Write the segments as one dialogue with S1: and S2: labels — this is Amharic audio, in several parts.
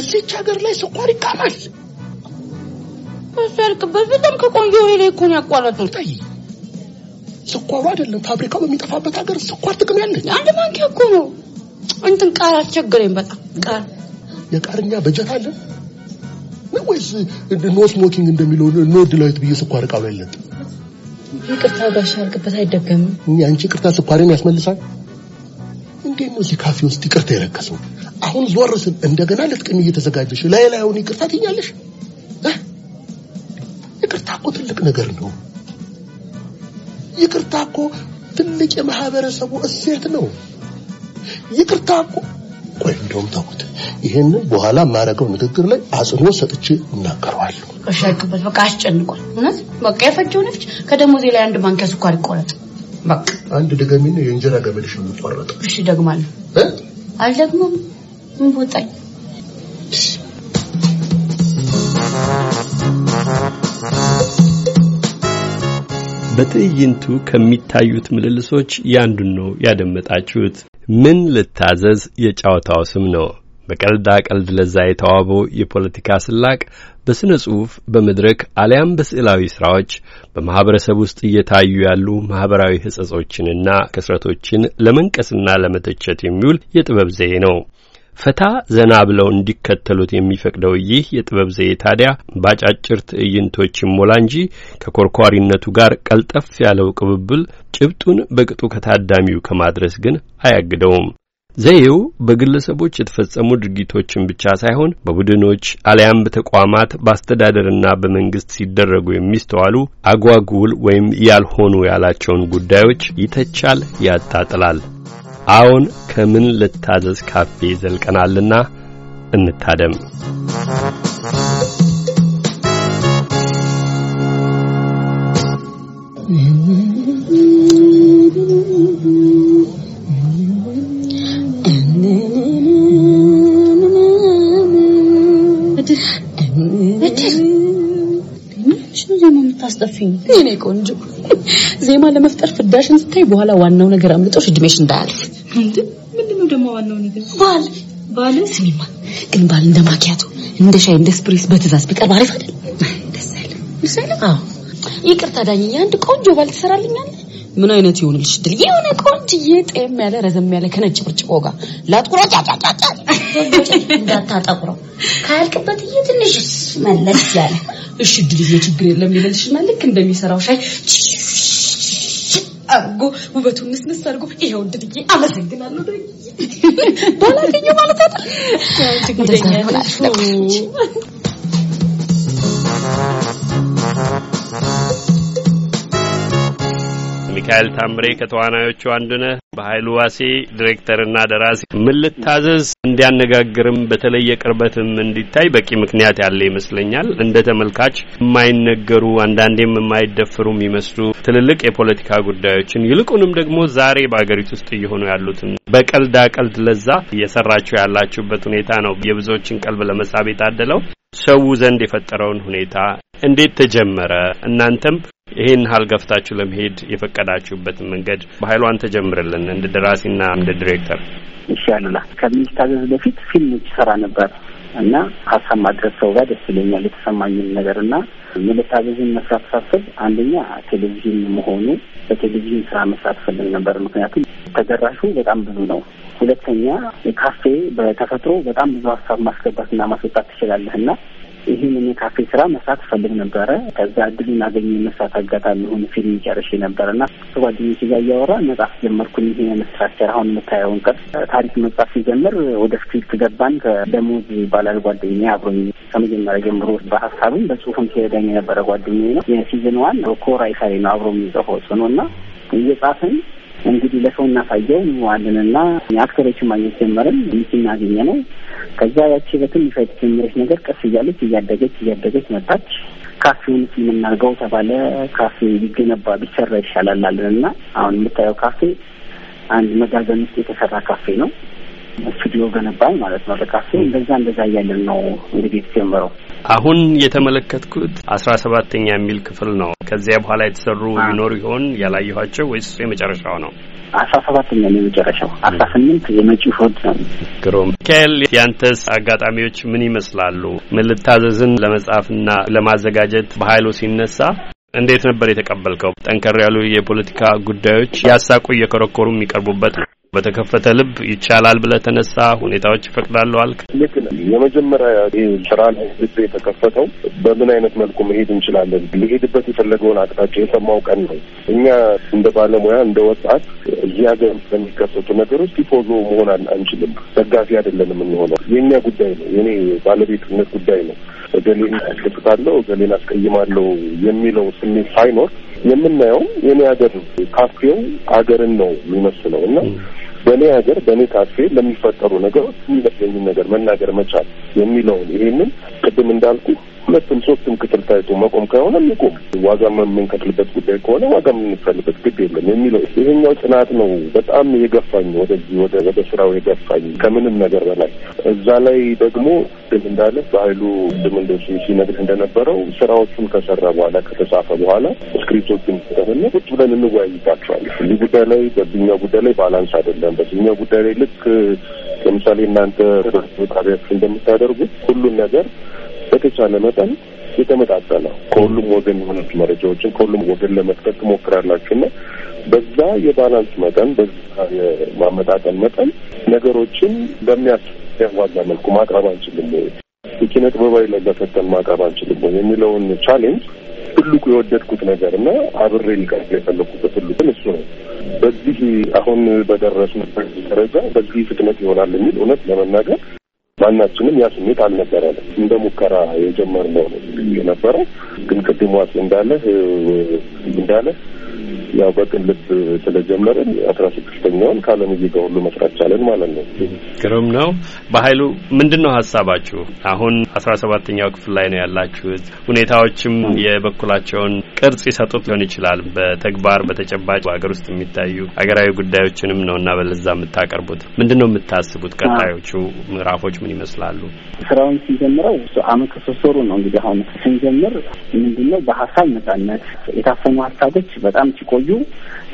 S1: በዚች ሀገር ላይ ስኳር ይቃማል። በሰርክበት በጣም ከቆየ ወይላ ይኮን ያቋረጠው ታይ ስኳሩ አይደለም ፋብሪካው በሚጠፋበት ሀገር ስኳር ጥቅም ያለ አንድ ማንኪያ እኮ ነው። እንትን ቃር አስቸገረኝ በጣም ቃር
S2: የቃርኛ በጀት አለ ወይስ ኖ ስሞኪንግ እንደሚለው ኖ ድላይት ብዬ ስኳር እቃው ላይ ይቅርታ ጋሽ አርግበት አይደገምም። አንቺ ቅርታ ስኳርን ያስመልሳል። እንዴት ነው እዚህ ካፌ ውስጥ ይቅርታ የረከሰው? አሁን ዞር ስል እንደገና ልትቅን እየተዘጋጀሽ ላይላዩን ይቅርታ ትኛለሽ። ይቅርታ እኮ ትልቅ ነገር ነው። ይቅርታ እኮ ትልቅ የማህበረሰቡ እሴት ነው። ይቅርታ እኮ ቆይ እንደውም ተውት። ይሄንን በኋላ የማደርገው ንግግር ላይ አጽንኦት ሰጥቼ እናገረዋለሁ።
S1: እሺ አይቅበት በቃ አስጨንቋል። እውነት በቃ የፈጀው ነፍች ከደሞዜ ላይ አንድ ማንኪያ ስኳር ይቆረጥ።
S2: በቃ አንድ ድገሚ ነው የእንጀራ ገመድሽ የሚቆረጠው።
S1: እሺ ደግማለሁ። አልደግሞም
S2: በትዕይንቱ ከሚታዩት ምልልሶች ያንዱን ነው ያደመጣችሁት። ምን ልታዘዝ የጨዋታው ስም ነው። በቀልዳ ቀልድ ለዛ የተዋበው የፖለቲካ ስላቅ በሥነ ጽሑፍ፣ በመድረክ አሊያም በስዕላዊ ሥራዎች በማኅበረሰብ ውስጥ እየታዩ ያሉ ማኅበራዊ ሕጸጾችንና ክስረቶችን ለመንቀስና ለመተቸት የሚውል የጥበብ ዘዬ ነው። ፈታ ዘና ብለው እንዲከተሉት የሚፈቅደው ይህ የጥበብ ዘዬ ታዲያ ባጫጭር ትዕይንቶች ይሞላ እንጂ ከኮርኳሪነቱ ጋር ቀልጠፍ ያለው ቅብብል ጭብጡን በቅጡ ከታዳሚው ከማድረስ ግን አያግደውም። ዘዬው በግለሰቦች የተፈጸሙ ድርጊቶችን ብቻ ሳይሆን በቡድኖች አሊያም በተቋማት በአስተዳደርና በመንግስት ሲደረጉ የሚስተዋሉ አጓጉል ወይም ያልሆኑ ያላቸውን ጉዳዮች ይተቻል፣ ያጣጥላል። አሁን ከምን ልታዘዝ ካፌ ዘልቀናልና እንታደም።
S1: የኔ ቆንጆ ዜማ ለመፍጠር ፍዳሽን ስታይ በኋላ ዋናው ነገር አምልጦሽ እድሜሽ እንዳያልፍ ምንድነው ደግሞ ዋናው ነገር? ባል ባል። ስሚማ ግን ባል እንደ ማኪያቶ፣ እንደ ሻይ፣ እንደ ስፕሬስ በትእዛዝ ቢቀርብ አሪፍ አይደል? ደስ አዎ ይቅርታ ዳኝዬ፣ አንድ ቆንጆ ባል ትሰራልኛለህ? ምን አይነት ይሆንልሽ? ድል የሆነ ቆንጅዬ ጤም ያለ ረዘም ያለ ከነጭ ብርጭቆ ጋር ላጥቁሮ ጫጫጫጫ ካልክበት ትንሽ መለስ ያለ እሺ፣ ድልዬ ችግር የለም ይለልሽና ልክ እንደሚሰራው ሻይ አርጎ ውበቱን ምስምስ አድርጎ ይሄው ድልዬ አመሰግናለሁ። ባላገኘው ማለት አይደል
S2: ሚካኤል ታምሬ ከተዋናዮቹ አንዱ ነህ። በኃይሉ ዋሴ ዲሬክተርና ደራሲ ምን ልታዘዝ እንዲያነጋግርም በተለየ ቅርበትም እንዲታይ በቂ ምክንያት ያለ ይመስለኛል። እንደ ተመልካች የማይነገሩ አንዳንዴም የማይደፍሩ የሚመስሉ ትልልቅ የፖለቲካ ጉዳዮችን ይልቁንም ደግሞ ዛሬ በሀገሪቱ ውስጥ እየሆኑ ያሉትን በቀልዳ ቀልድ ለዛ እየሰራችሁ ያላችሁበት ሁኔታ ነው የብዙዎችን ቀልብ ለመሳብ የታደለው ሰው ዘንድ የፈጠረውን ሁኔታ እንዴት ተጀመረ? እናንተም ይህን ሀል ገፍታችሁ ለመሄድ የፈቀዳችሁበት መንገድ በሀይሏን ተጀምርልን እንደ ደራሲና እንደ ዲሬክተር።
S1: ይሻልላ አሉላ በፊት ፊልም ይሰራ ነበር እና ሀሳብ ማድረስ ሰው ጋር ደስ ይለኛል የተሰማኝን ነገር እና ምልታዘዝን መስራት ሳስብ አንደኛ ቴሌቪዥን መሆኑ በቴሌቪዥን ስራ መስራት ፈልግ ነበር። ምክንያቱም ተደራሹ በጣም ብዙ ነው። ሁለተኛ ካፌ በተፈጥሮ በጣም ብዙ ሀሳብ ማስገባት እና ማስወጣት ትችላለህ እና ይህንን የካፌ ስራ መስራት እፈልግ ነበረ። ከዛ እድሉን አገኘ መስራት አጋጣሚ ሆኖ ፊልም ጨርሼ ነበረ እና ከጓደኞች ጋር እያወራ መጽሐፍ ጀመርኩኝ። ይህን ስትራክቸር አሁን የምታየውን ቅርጽ ታሪክ መጽሐፍ ሲጀምር ወደ ስክሪፕት ገባን። ከደሞዝ ይባላል ጓደኛ አብሮኝ ከመጀመሪያ ጀምሮ በሀሳብም በጽሁፍም ሲረዳኝ የነበረ ጓደኛ ነው። የሲዝን ዋን ኮራይሳሪ ነው አብሮ የሚጽፈው ጽኖ እና እየጻፍን እንግዲህ ለሰው እናሳየው ዋልንና አክተሮችን ማግኘት ጀመርን። ሚኪና እናገኘ ነው። ከዛ ያቺ በትንሿ የተጀመረች ነገር ቀስ እያለች እያደገች እያደገች መጣች። ካፌውን የምናርገው ተባለ። ካፌ ሊገነባ ቢሰራ ይሻላል አልንና አሁን የምታየው ካፌ አንድ መጋዘን ውስጥ የተሰራ ካፌ ነው። ስቱዲዮ ገነባል ማለት ነው። ለካፌ እንደዛ እንደዛ እያለን ነው እንግዲህ የተጀመረው።
S2: አሁን የተመለከትኩት አስራ ሰባተኛ የሚል ክፍል ነው። ከዚያ በኋላ የተሰሩ ይኖሩ ይሆን ያላየኋቸው ወይስ እሱ የመጨረሻው ነው? አስራ ሰባተኛ ነው የመጨረሻው። አስራ ስምንት የመጪው ሆድ ነው። ግሩም ሚካኤል፣ ያንተስ አጋጣሚዎች ምን ይመስላሉ? ምን ልታዘዝን ለመጻፍና ለማዘጋጀት በሀይሉ ሲነሳ እንዴት ነበር የተቀበልከው? ጠንከር ያሉ የፖለቲካ ጉዳዮች ያሳቁ እየኮረኮሩ የሚቀርቡበት ነው። በተከፈተ ልብ ይቻላል ብለህ ተነሳ። ሁኔታዎች ይፈቅዳሉ አልክ።
S3: ልክ ነህ። የመጀመሪያ ስራ ልብ የተከፈተው በምን አይነት መልኩ መሄድ እንችላለን፣ ሊሄድበት የፈለገውን አቅጣጫ የሰማው ቀን ነው። እኛ እንደ ባለሙያ እንደ ወጣት እዚህ ሀገር በሚከሰቱ ነገሮች ቲፎዞ መሆን አንችልም። ደጋፊ አይደለንም የሚሆነው የእኛ ጉዳይ ነው። የኔ ባለቤትነት ጉዳይ ነው። እገሌን አስደስታለሁ፣ እገሌን አስቀይማለሁ የሚለው ስሜት ሳይኖር የምናየው የኔ ሀገር ካፌው ሀገርን ነው የሚመስለው እና በእኔ ሀገር በእኔ ካፌ ለሚፈጠሩ ነገሮች የሚመስለኝን ነገር መናገር መቻል የሚለውን ይሄንን ቅድም እንዳልኩ ሁለትም ሶስትም ክትል ታይቶ መቆም ከሆነ የሚቆም ዋጋ የምንከፍልበት ጉዳይ ከሆነ ዋጋ የምንፈልበት ግድ የለም የሚለው ይሄኛው ጥናት ነው። በጣም የገፋኝ ወደዚህ ወደ ወደ ስራው የገፋኝ ከምንም ነገር በላይ እዛ ላይ ደግሞ ቅድም እንዳለ በሀይሉ ድም እንደ ሲነግርህ እንደነበረው ስራዎቹን ከሰራ በኋላ ከተጻፈ በኋላ ስክሪፕቶቹን ተሆነ ቁጭ ብለን እንወያይባቸዋለን። እዚህ ጉዳይ ላይ በዚኛው ጉዳይ ላይ ባላንስ አይደለም፣ በዚኛው ጉዳይ ላይ ልክ ለምሳሌ እናንተ ጣቢያችሁ እንደምታደርጉት ሁሉን ነገር በተቻለ መጠን የተመጣጠነ ከሁሉም ወገን የሆኑት መረጃዎችን ከሁሉም ወገን ለመጥቀት ትሞክራላችሁ እና በዛ የባላንስ መጠን በዛ የማመጣጠን መጠን ነገሮችን በሚያስያዋዛ መልኩ ማቅረብ አንችልም ወይ የኪነ ጥበባዊ ላይ ማቅረብ አንችልም ወይ የሚለውን ቻሌንጅ ትልቁ የወደድኩት ነገር እና አብሬ ሊቀር የፈለግኩበት ትልቁን እሱ ነው። በዚህ አሁን በደረስንበት ደረጃ በዚህ ፍጥነት ይሆናል የሚል እውነት ለመናገር ማናችንም ያ ስሜት አልነበረንም። እንደ ሙከራ የጀመርነው ነው የነበረው። ግን ቅድሟት እንዳለህ እንዳለህ ያው በቅን ልብ ስለጀመርን አስራ ስድስተኛውን ከአለምዬ ሁሉ መስራት ቻለን ማለት
S2: ነው። ግሩም ነው። በሀይሉ ምንድን ነው ሀሳባችሁ? አሁን አስራ ሰባተኛው ክፍል ላይ ነው ያላችሁት። ሁኔታዎችም የበኩላቸውን ቅርጽ ይሰጡት ሊሆን ይችላል። በተግባር በተጨባጭ በሀገር ውስጥ የሚታዩ ሀገራዊ ጉዳዮችንም ነው እና በለዛ የምታቀርቡት ምንድን ነው የምታስቡት? ቀጣዮቹ ምዕራፎች ምን ይመስላሉ?
S1: ስራውን ስንጀምረው አመት ከሶስት ወሩ ነው እንግዲህ አሁን ስንጀምር ምንድነው በሀሳብ ነጻነት የታፈኑ ሀሳቦች በጣም ሲቆዩ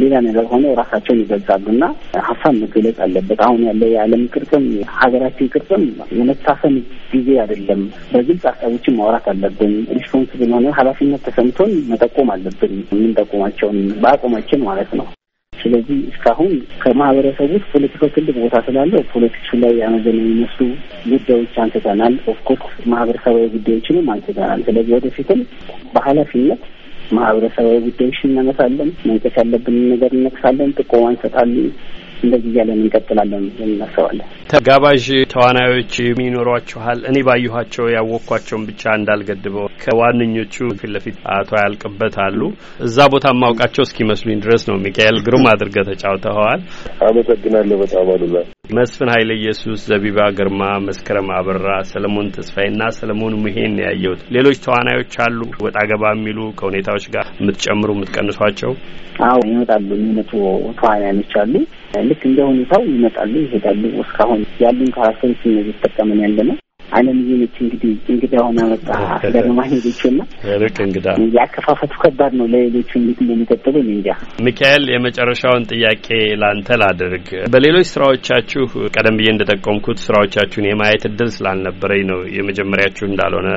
S1: ሌላ ነገር ሆነው ራሳቸውን ይገልጻሉና ሀሳብ መገለጽ አለበት። አሁን ያለው የዓለም ቅርጽም ሀገራችን ቅርጽም የመታፈን ጊዜ አይደለም። በግልጽ ሀሳቦችን ማውራት አለብን። ሪስፖንስብል ሆነ ኃላፊነት ተሰምቶን መጠቆም አለብን። የምንጠቁማቸውን በአቋማችን ማለት ነው። ስለዚህ እስካሁን ከማህበረሰቡ ውስጥ ፖለቲካው ትልቅ ቦታ ስላለው ፖለቲክሱ ላይ ያመዘነ የሚመስሉ ጉዳዮች አንስተናል። ኦፍኮርስ ማህበረሰባዊ ጉዳዮችንም አንስተናል። ስለዚህ ወደፊትም በኃላፊነት ማህበረሰባዊ ጉዳዮች እናነሳለን። መንቀስ ያለብንን ነገር እነቅሳለን። ጥቆማ እንሰጣለን። እንደዚህ እያለን እንቀጥላለን እናስባለን።
S2: ተጋባዥ ተዋናዮች ይኖሯችኋል። እኔ ባየኋቸው ያወቅኳቸውን ብቻ እንዳልገድበው ከዋነኞቹ ፊት ለፊት አቶ ያልቅበት አሉ። እዛ ቦታ ማውቃቸው እስኪመስሉኝ ድረስ ነው። ሚካኤል ግሩም አድርገ ተጫውተኸዋል።
S3: አመሰግናለሁ። በጣም አሉላ
S2: መስፍን ኃይለ ኢየሱስ፣ ዘቢባ ግርማ፣ መስከረም አበራ፣ ሰለሞን ተስፋዬና ሰለሞን ምሄን ያየሁት። ሌሎች ተዋናዮች አሉ ወጣ ገባ የሚሉ ከሁኔታዎች ጋር የምትጨምሩ የምትቀንሷቸው?
S1: አዎ ይመጣሉ። የሚመጡ ተዋናዮች አሉ። ልክ እንደ ሁኔታው ይመጣሉ፣ ይሄዳሉ። እስካሁን ያሉን ካራክተሮች እነዚህ እየተጠቀምን ያለ ነው። አለምዬ ነች እንግዲህ እንግዳ ሆነ መጣ ለመማኝ ቤችና ርቅ እንግዳ ያከፋፈቱ ከባድ ነው። ለሌሎቹ እንዴት እንደሚቀጥሉ እንጃ።
S2: ሚካኤል የመጨረሻውን ጥያቄ ላንተ ላድርግ። በሌሎች ስራዎቻችሁ ቀደም ብዬ እንደጠቆምኩት ስራዎቻችሁን የማየት እድል ስላልነበረኝ ነው የመጀመሪያችሁ እንዳልሆነ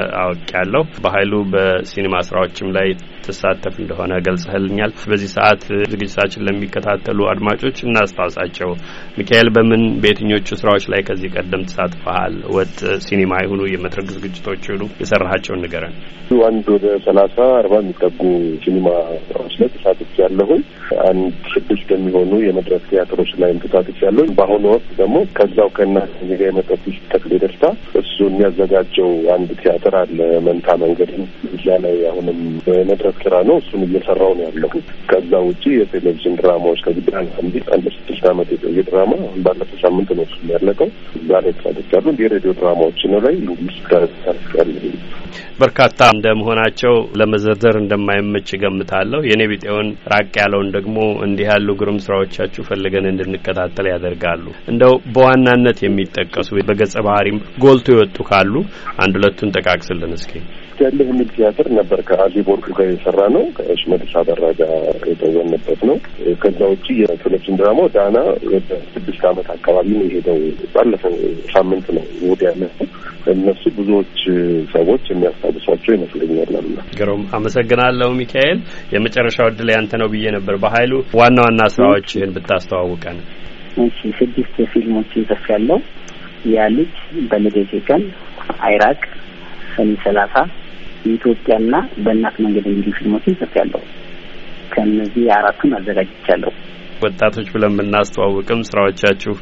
S2: ያለው በሀይሉ በሲኒማ ስራዎችም ላይ ትሳተፍ እንደሆነ ገልጽህልኛል። በዚህ ሰዓት ዝግጅታችን ለሚከታተሉ አድማጮች እናስታውሳቸው። ሚካኤል በምን በየትኞቹ ስራዎች ላይ ከዚህ ቀደም ተሳትፈሃል? ወጥ የሲኔማ የሆኑ የመድረክ ዝግጅቶች የሆኑ የሰራሃቸውን ንገረን።
S3: አንድ ወደ ሰላሳ አርባ የሚጠጉ ሲኒማ ስራዎች ላይ ተሳትፍ ያለሁኝ አንድ ስድስት የሚሆኑ የመድረክ ቲያትሮች ላይ ተሳትፍ ያለሁኝ። በአሁኑ ወቅት ደግሞ ከዛው ከና ጋ የመጠት ውስጥ ተክሌ ደስታ እሱ የሚያዘጋጀው አንድ ቲያትር አለ መንታ መንገድ እዚያ ላይ አሁንም የመድረክ ስራ ነው። እሱን እየሰራው ነው ያለሁት። ከዛ ውጭ የቴሌቪዥን ድራማዎች ከግዳን አንዲ አንድ ስድስት አመት የቆየ ድራማ ባለፈው ሳምንት ነው እሱ ያለቀው። ላይ ተሳትፍ ያሉ የሬዲዮ ድራማዎች ነው ላይ መንግስት ጋር
S2: በርካታ እንደመሆናቸው መሆናቸው ለመዘርዘር እንደማይመች ገምታለሁ። የኔ ቢጤውን ራቅ ያለውን ደግሞ እንዲህ ያሉ ግሩም ስራዎቻችሁ ፈልገን እንድንከታተል ያደርጋሉ። እንደው በዋናነት የሚጠቀሱ በገጸ ባህሪም ጎልቶ ይወጡ ካሉ አንድ ሁለቱን ጠቃቅስልን እስኪ።
S3: ትወስዳለህ የሚል ቲያትር ነበር። ከአዜብ ወርቁ ጋር የሰራ ነው። ከሽመልስ አበራ ጋር የተወነበት ነው። ከዛ ውጭ የቴሌቪዥን ድራማ ዳና ወደ ስድስት ዓመት አካባቢ ነው የሄደው። ባለፈ ሳምንት ነው ወደ ያለፉ እነሱ ብዙዎች ሰዎች የሚያስታውሷቸው ይመስለኛል። አሉላ
S2: ግሩም አመሰግናለሁ። ሚካኤል የመጨረሻው እድል ያንተ ነው ብዬ ነበር። በሀይሉ ዋና ዋና ስራዎችህን ብታስተዋውቀን።
S3: እሺ ስድስት ፊልሞች ይዘፍ
S1: ያለው ያ ልጅ በልደቴ ቀን አይራቅ ሰኔ ሰላሳ የኢትዮጵያና በእናት መንገድ የሚሉ ፊልሞችን ጽፌያለሁ። ከእነዚህ አራቱን አዘጋጅቻለሁ።
S2: ወጣቶች ብለን ብናስተዋውቅም ስራዎቻችሁ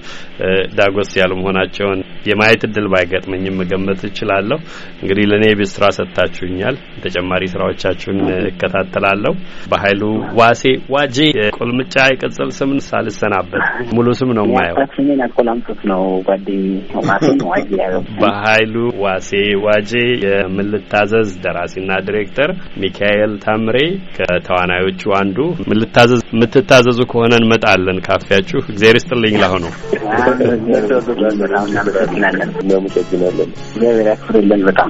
S2: ዳጎስ ያሉ መሆናቸውን የማየት እድል ባይገጥመኝም መገመት እችላለሁ። እንግዲህ ለእኔ የቤት ስራ ሰጥታችሁኛል። ተጨማሪ ስራዎቻችሁን እከታተላለሁ። በሀይሉ ዋሴ ዋጄ ቁልምጫ የቅጽል ስምን ሳልሰናበት ሙሉ ስም ነው ማየው በሀይሉ ዋሴ ዋጄ የምልታዘዝ ደራሲና ዲሬክተር ሚካኤል ታምሬ ከተዋናዮቹ አንዱ ምልታዘዝ የምትታዘዙ ከሆነን እንመጣለን ካፌያችሁ። እግዚአብሔር ይስጥልኝ። ላሆኑ
S3: በጣም
S1: እናመሰግናለን። በጣም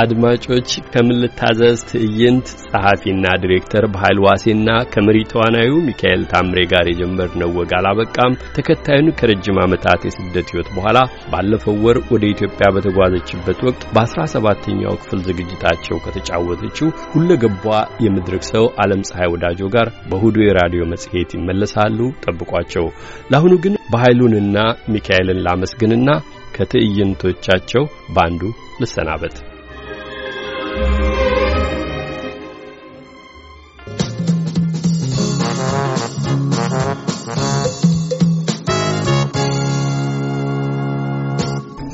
S2: አድማጮች ከምን ልታዘዝ ትዕይንት ጸሐፊና ዲሬክተር በኃይል ዋሴና ከመሪ ተዋናዩ ሚካኤል ታምሬ ጋር የጀመርነው ወግ አላበቃም። ተከታዩን ከረጅም ዓመታት የስደት ሕይወት በኋላ ባለፈው ወር ወደ ኢትዮጵያ በተጓዘችበት ወቅት በአስራ ሰባተኛው ክፍል ዝግጅታቸው ከተጫወተችው ሁለገቧ የመድረክ ሰው ዓለም ፀሐይ ወዳጆ ጋር በእሁዱ የራዲዮ መጽሔት ይመለሳሉ። ጠብቋቸው። ለአሁኑ ግን በኃይሉንና ሚካኤልን ላመስግንና ከትዕይንቶቻቸው በአንዱ ልሰናበት።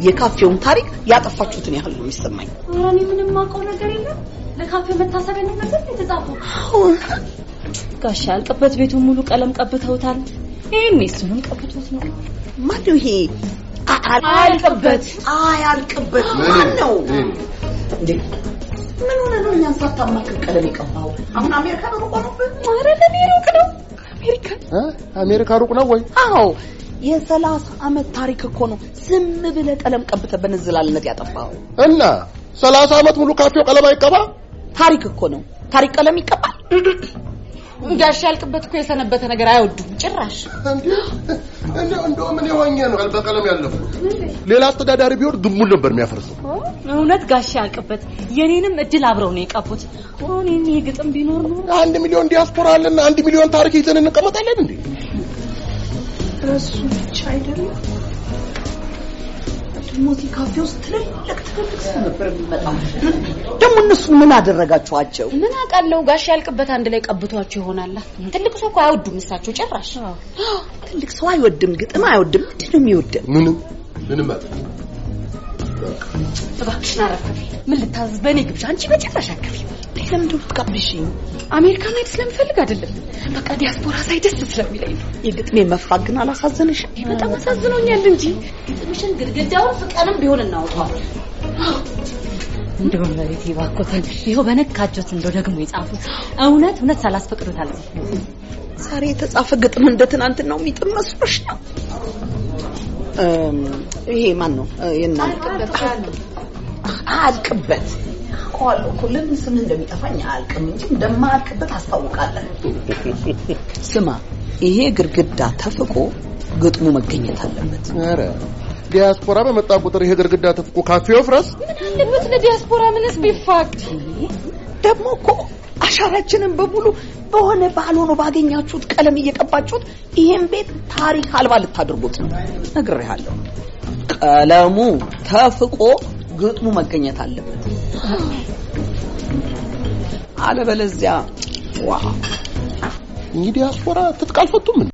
S1: የካፌውን ታሪክ ያጠፋችሁትን ያህል ነው የሚሰማኝ። ኧረ እኔ ምንም አውቀው ነገር የለም። ለካፌው መታሰቢያ ነገር ግን ጋሽ ጋሻ ያልቅበት ቤቱን ሙሉ ቀለም ቀብተውታል። ይሄም እሱንም ቀብቶት ነው። ማነው ይሄ? አያልቅበት አያልቅበት ማን ነው እንዴ? ምን ሆነ ነው እኛን ሳታማክር
S2: ቀለም የቀባው?
S1: አሁን አሜሪካ ሩቅ ነው። ኧረ ለኔ ሩቅ ነው።
S2: አሜሪካ አሜሪካ ሩቅ ነው ወይ? አዎ
S1: የሰላሳ ዓመት ታሪክ እኮ ነው። ዝም ብለ ቀለም ቀብተ በንዝላልነት ያጠፋው እና ሰላሳ ዓመት ሙሉ ካፌው ቀለም አይቀባ ታሪክ እኮ ነው። ታሪክ ቀለም ይቀባል። ጋሽ ያልቅበት እኮ የሰነበተ ነገር አይወዱም ጭራሽ።
S2: እንዴ እንደው ምን ይሆኛ ነው ቀለም ያለፍኩት? ሌላ አስተዳዳሪ ቢሆን ግንቡን ነበር የሚያፈርሰው።
S1: እውነት ጋሽ ያልቅበት የኔንም እድል አብረው ነው የቀቡት። አሁን የግጥም ቢኖር
S2: ነው አንድ ሚሊዮን ዲያስፖራ አለና አንድ ሚሊዮን ታሪክ ይዘን እንቀመጣለን
S3: እንዴ?
S1: ድረስ እሱ ብቻ አይደለም። ካፌ ውስጥ ትልልቅ ትልልቅ ሰው ነበር የሚመጣው። ደግሞ ምን አደረጋችኋቸው? ምን አውቃለሁ ጋሽ ያልቅበት አንድ ላይ ቀብቷቸው ይሆናል። ትልቅ ሰው እኮ አይወዱም እሳቸው ጭራሽ። ትልቅ ሰው አይወድም፣ ግጥም አይወድም። ምንድን ነው የሚወድም? ምንም ምንም እባክሽን አረፍከፊ። ምን ልታዝዝ? በእኔ ግብዣ አንቺ በጭራሽ አትከፊም። ለምን ደው አሜሪካ መሄድ ስለምፈልግ አይደለም፣ በቃ ዲያስፖራ ሳይ ደስ ስለሚለኝ ነው። የግጥሜ መፋቅ ግን አላሳዘነሽ? በጣም አሳዝኖኛል እንጂ ግጥምሽን ግድግዳውን ፍቀንም ቢሆን እናውጣዋለን። እንደውም መሬት ይባኮታል። ይኸው በነካጆት እንደው ደግሞ የጻፉት እውነት እውነት ሳላስፈቅዶታል። ዛሬ የተጻፈ ግጥም እንደ ትናንትናው ነው የሚጥም መስሎሽ ነው? ይሄ ማን ነው? የእናንተ አልቅበት እኮ ስም እንደሚጠፋኝ አያልቅም እንጂ እንደማያልቅበት ስማ ይሄ ግድግዳ ተፍቆ ግጥሙ መገኘት አለበት። ኧረ ዲያስፖራ በመጣ
S2: ቁጥር ይሄ ግርግዳ ተፍቆ ካፌው ፍረስ ምን
S1: አለበት? ለዲያስፖራ ምንስ ቢፋቅ ደግሞ እኮ አሻራችንን በሙሉ በሆነ ባልሆነ ባገኛችሁት ቀለም እየቀባችሁት ይሄን ቤት ታሪክ አልባ ልታደርጉት ነው። ነግሬሃለሁ። ቀለሙ ተፍቆ ግጥሙ መገኘት አለበት። አለበለዚያ ዋ እንግዲህ አስፖራ ትጥቅ
S3: አልፈቱም